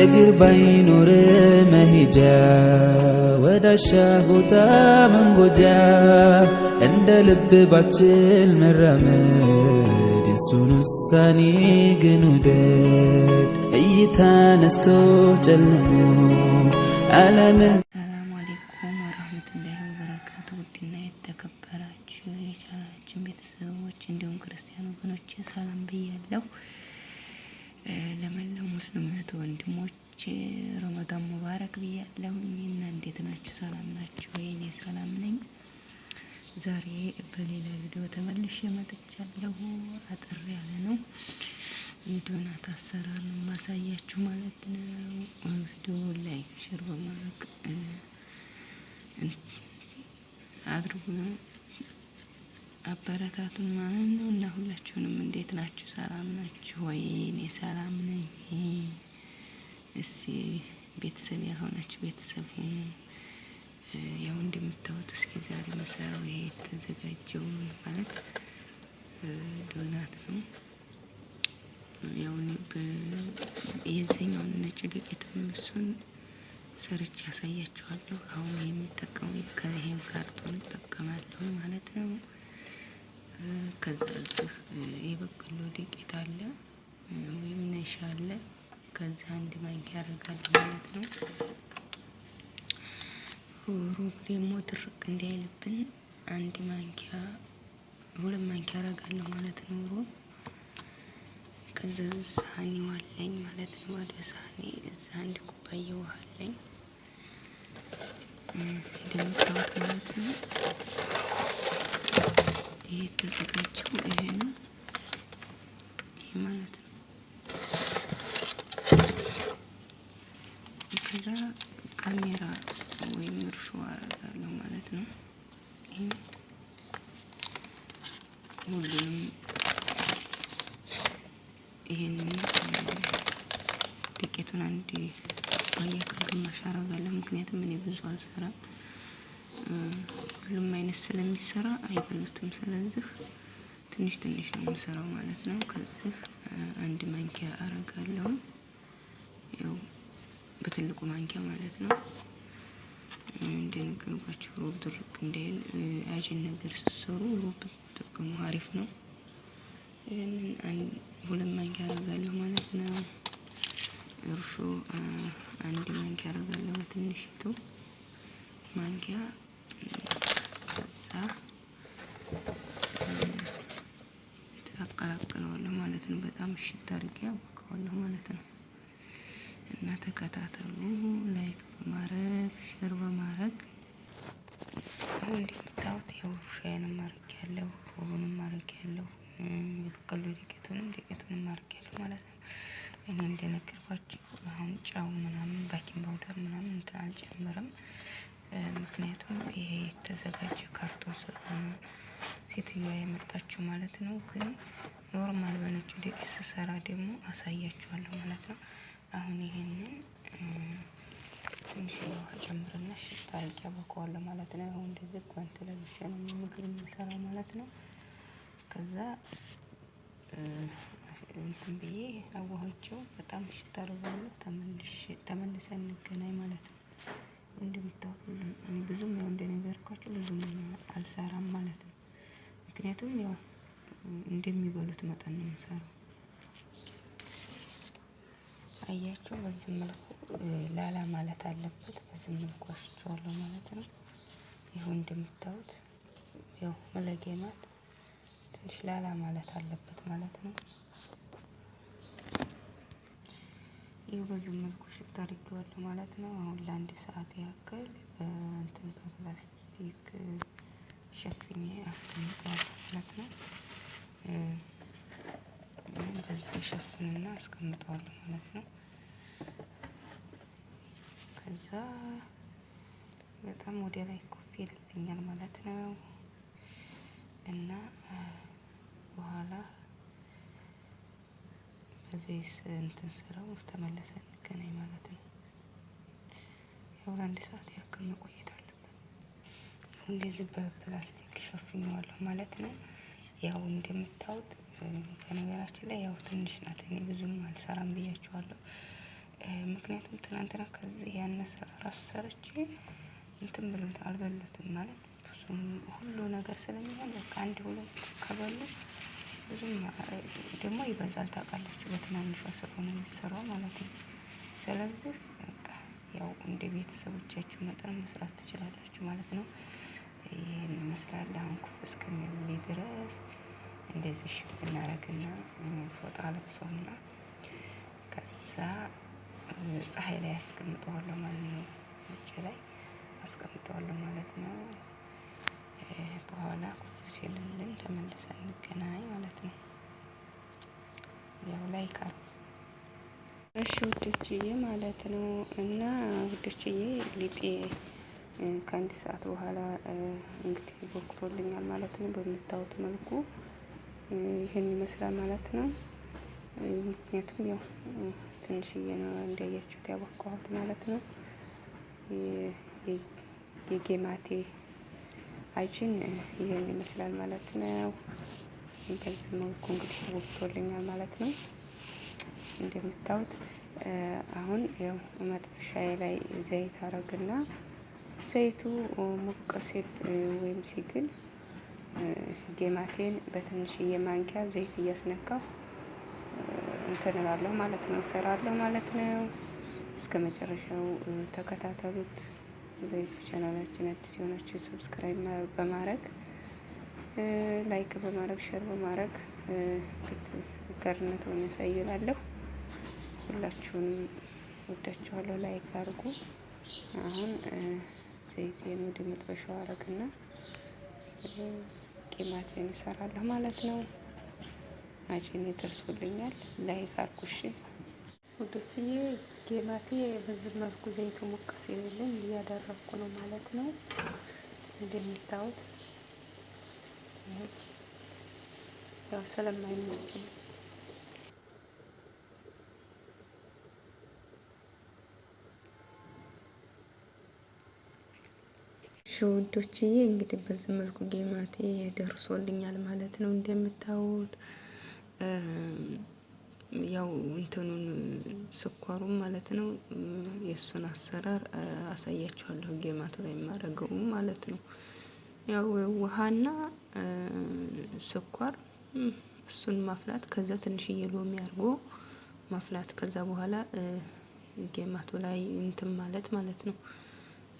እግር ባይኖር መሄጃ ወዳሻ ቦታ መንጎጃ እንደ ልብ ባችል መራመድ የሱን ውሳኔ ግን ውደድ እይታ ነስቶ ጨለሞ ዓለምን ዛሬ በሌላ ቪዲዮ ተመልሼ መጥቻለሁ። አጠር ያለ ነው የዶናት አሰራር ነው ማሳያችሁ ማለት ነው። ቪዲዮ ላይ ሸር በማድረግ አድርጉ አበረታቱን ማለት ነው። እና ሁላችሁንም እንዴት ናችሁ? ሰላም ናችሁ ወይ? እኔ ሰላም ነኝ። እስኪ ቤተሰብ ያልሆናችሁ ቤተሰብ ሁኑ። ያው እንደምታዩት እስኪ ዛሬ መሰራው ይሄ የተዘጋጀው ማለት ዶናት ነው። ያው የዚህኛውን ነጭ ዱቄት እሱን ሰርች ያሳያችኋለሁ። አሁን የምጠቀሙ ከይሄን ካርቶን እጠቀማለሁ ማለት ነው። ከዛ የበቆሎ ዱቄት አለ ወይም ነሻ አለ። ከዛ አንድ ማንኪያ ያደርጋለሁ ማለት ነው። ሩብ ደግሞ ድርቅ እንዳይልብን አንድ ማንኪያ ሁለት ማንኪያ አረጋለሁ ማለት ነው። ሩብ ከዛ ሳህኒ ዋለኝ ማለት ነው። ባዶ ሳህኒ እዛ አንድ ኩባያ ውሃ አለኝ እንደምታወት ማለት ነው። ይሄ ተዘጋጀው ይሄ ነው ይሄ ማለት ነው። ከዛ ካሜራ ወይም እርሾ አደርጋለሁ ማለት ነው። ሁሉንም ይሄንን ዱቄቱን አንድ ኩባያ ግማሽ አደርጋለሁ። ምክንያቱም እኔ ብዙ አልሰራም፣ ሁሉም አይነት ስለሚሰራ አይበሉትም። ስለዚህ ትንሽ ትንሽ ነው የምሰራው ማለት ነው። ከዚህ አንድ ማንኪያ አረጋለሁ፣ ያው በትልቁ ማንኪያ ማለት ነው። እንደነገርኳቸው ሮብ ድርቅ እንዳይል አጅን ነገር ስትሰሩ ሮብ ጥቅሙ አሪፍ ነው። ይህንን ሁለት ማንኪያ አረጋለሁ ማለት ነው። እርሾ አንድ ማንኪያ አረጋለሁ በትንሽቱ ማንኪያ ዛ አቀላቅለዋለሁ ማለት ነው። በጣም እሽት አድርጌ አቦካዋለሁ ማለት ነው። እና ተከታተሉ። ላይክ በማድረግ ሸር በማድረግ እንደምታዩት ያው ሻይንም ማድረግ ያለው ሮቡንም ማድረግ ያለው የበቀሉ ዱቄቱንም ዱቄቱንም ማድረግ ያለው ማለት ነው። እኔ እንደነገርኳቸው አሁን ጫው ምናምን ባኪንግ ፓውደር ምናምን እንትን አልጨምርም። ምክንያቱም ይሄ የተዘጋጀ ካርቶን ስለሆነ ሴትዮዋ ያመጣችው ማለት ነው። ግን ኖርማል በነጭ ዱቄት ስሰራ ደግሞ አሳያችኋለሁ ማለት ነው። አሁን ይሄንን ትንሽ ውሃ ጨምርና ሽት አርቄ አቦካዋለሁ ማለት ነው። ይኸው እንደዚህ ጓንት ለብሼ ነው ምግብ የምሰራ ማለት ነው። ከዛ እንትን ብዬ አዋሃቸው በጣም ሽታ አርጓሉ። ተመልሰ እንገናኝ ማለት ነው። እንደምታውቁልኝ ብዙም ያው እንደነገርኳችሁ ብዙም አልሰራም ማለት ነው። ምክንያቱም ያው እንደሚበሉት መጠን ነው የምሰራው። አያቸው። በዚህ መልኩ ላላ ማለት አለበት። በዚህ መልኩ አሽቸዋለሁ ማለት ነው። ይሁ እንደምታዩት ያው መለጌማት ትንሽ ላላ ማለት አለበት ማለት ነው። ይህ በዚህ መልኩ ሽት አድርጌዋለሁ ማለት ነው። አሁን ለአንድ ሰዓት ያክል በእንትን በፕላስቲክ ሸፍኜ አስቀምጠዋለሁ ማለት ነው። በዚህ ሸፍንና አስቀምጠዋለሁ ማለት ነው። ከዛ በጣም ወደ ላይ ኮፍ ይልኛል ማለት ነው እና በኋላ በዚህ እንትን ስራው ተመለሰ እንገናኝ ማለት ነው። ያው ለአንድ ሰዓት ያክል መቆየት አለበት። እንደዚህ በፕላስቲክ ሸፍኘዋለሁ ማለት ነው። ያው እንደምታዩት በነገራችን ላይ ያው ትንሽ ናት። እኔ ብዙም አልሰራም ብያቸዋለሁ። ምክንያቱም ትናንትና ከዚህ ያነሰ ራሱ ሰርቼ እንትን ብሎት አልበሉትም ማለት ብዙም ሁሉ ነገር ስለሚሆን በቃ አንድ ሁለት ከበሉ ብዙም ደግሞ ይበዛል። ታውቃላችሁ በትናንሿ ስለሆነ የሚሰራው ማለት ነው። ስለዚህ በቃ ያው እንደ ቤተሰቦቻችሁ መጠን መስራት ትችላላችሁ ማለት ነው። ይህን ይመስላል አሁን ኩፍ እስከሚል ድረስ እንደዚህ ሽፍ እናደርግና ፎጣ ለብሶና ከዛ ፀሐይ ላይ አስቀምጠዋለሁ ማለት ነው። ውጭ ላይ አስቀምጠዋለሁ ማለት ነው። በኋላ ኩፍ ሲልልን ተመልሰን እንገናኝ ማለት ነው። ያው ላይ ካል እሺ ውድችዬ ማለት ነው። እና ውድችዬ ሊጤ ከአንድ ሰዓት በኋላ እንግዲህ ቦክቶልኛል ማለት ነው በምታዩት መልኩ ይህን ይመስላል ማለት ነው። ምክንያቱም ያው ትንሽዬ ነው እንዳያችሁት ያቦካሁት ማለት ነው። የጌማቴ አጅን ይህን ይመስላል ማለት ነው። በዚህ መልኩ እንግዲህ ተቦክቶልኛል ማለት ነው። እንደምታዩት አሁን ያው መጥበሻዬ ላይ ዘይት አረግና ዘይቱ ሙቅ ሲል ወይም ሲግል ጌማቴን በትንሽዬ ማንኪያ ዘይት እያስነካው እንትን እላለሁ ማለት ነው፣ እሰራለሁ ማለት ነው። እስከ መጨረሻው ተከታተሉት። በዩቱብ ቻናላችን አዲስ የሆናችሁ ሰብስክራይብ በማድረግ ላይክ በማድረግ ሸር በማድረግ ገርነት ሆነ ያሳይላለሁ። ሁላችሁንም ወዳችኋለሁ። ላይክ አድርጉ። አሁን ዘይቴን ወደ መጥበሻው አረግና ቲማቲም እሰራለሁ ማለት ነው። አጭኔ ደርሶልኛል። ላይክ አርኩሽ ውዶችዬ፣ ቲማቴ በዚህ መልኩ ዘይቱ ሞቅ ሲልልኝ እያደረኩ ነው ማለት ነው። እንደምታዩት ያው ስለማይመችል ሽውዶችዬ እንግዲህ በዚህ መልኩ ጌማቴ ደርሶልኛል ማለት ነው። እንደምታዩት ያው እንትኑን ስኳሩም ማለት ነው። የእሱን አሰራር አሳያችኋለሁ ጌማቱ ላይ የማደርገውም ማለት ነው። ያው ውሃና ስኳር እሱን ማፍላት፣ ከዛ ትንሽዬ ሎሚ አድርጎ ማፍላት፣ ከዛ በኋላ ጌማቱ ላይ እንትን ማለት ማለት ነው።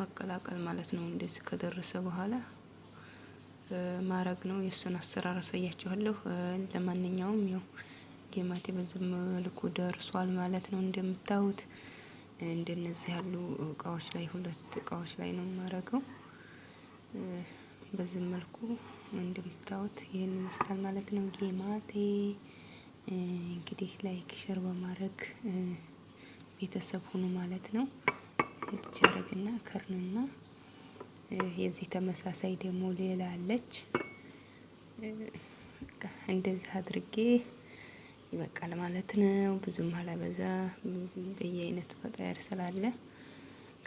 መቀላቀል ማለት ነው። እንደዚህ ከደረሰ በኋላ ማረግ ነው። የእሱን አሰራር አሳያችኋለሁ። ለማንኛውም ያው ጌማቴ በዚህ መልኩ ደርሷል ማለት ነው። እንደምታዩት እንደነዚህ ያሉ እቃዎች ላይ ሁለት እቃዎች ላይ ነው ማረገው። በዚህ መልኩ እንደምታዩት ይህን ይመስላል ማለት ነው። ጌማቴ እንግዲህ ላይክ ሸር በማድረግ ቤተሰብ ሁኑ ማለት ነው። ልጅ ከርንና የዚህ ተመሳሳይ ደግሞ ሌላ አለች። እንደዚህ አድርጌ ይበቃል ማለት ነው። ብዙም አላበዛ በየአይነቱ ፈጣየር ስላለ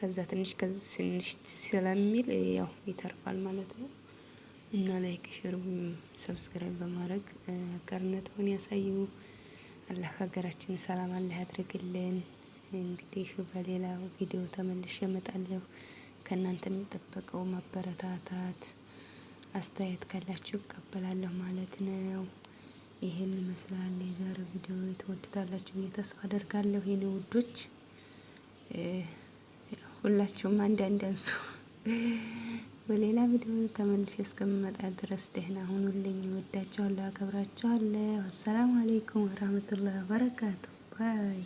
ከዛ ትንሽ ከዚ ትንሽ ስለሚል ያው ይተርፋል ማለት ነው። እና ላይክ ሼር፣ ሰብስክራይብ በማድረግ አጋርነትዎን ያሳዩ። አላህ ሀገራችን ሰላም አላህ ያድርግልን። እንግዲህ በሌላው ቪዲዮ ተመልሼ እመጣለሁ። ከእናንተ የሚጠበቀው መበረታታት፣ አስተያየት ካላችሁ እቀበላለሁ ማለት ነው። ይህን ይመስላል የዛሬ ቪዲዮ። የተወዱታላችሁ ብዬ ተስፋ አደርጋለሁ። የኔ ውዶች ሁላችሁም አንድ አንድ አንሱ። በሌላ ቪዲዮ ተመልሼ እስከምመጣ ድረስ ደህና ሁኑልኝ። ወዳችኋለሁ፣ አከብራችኋለሁ። አሰላሙ አሌይኩም ወራህመቱላሂ ወበረካቱ ባይ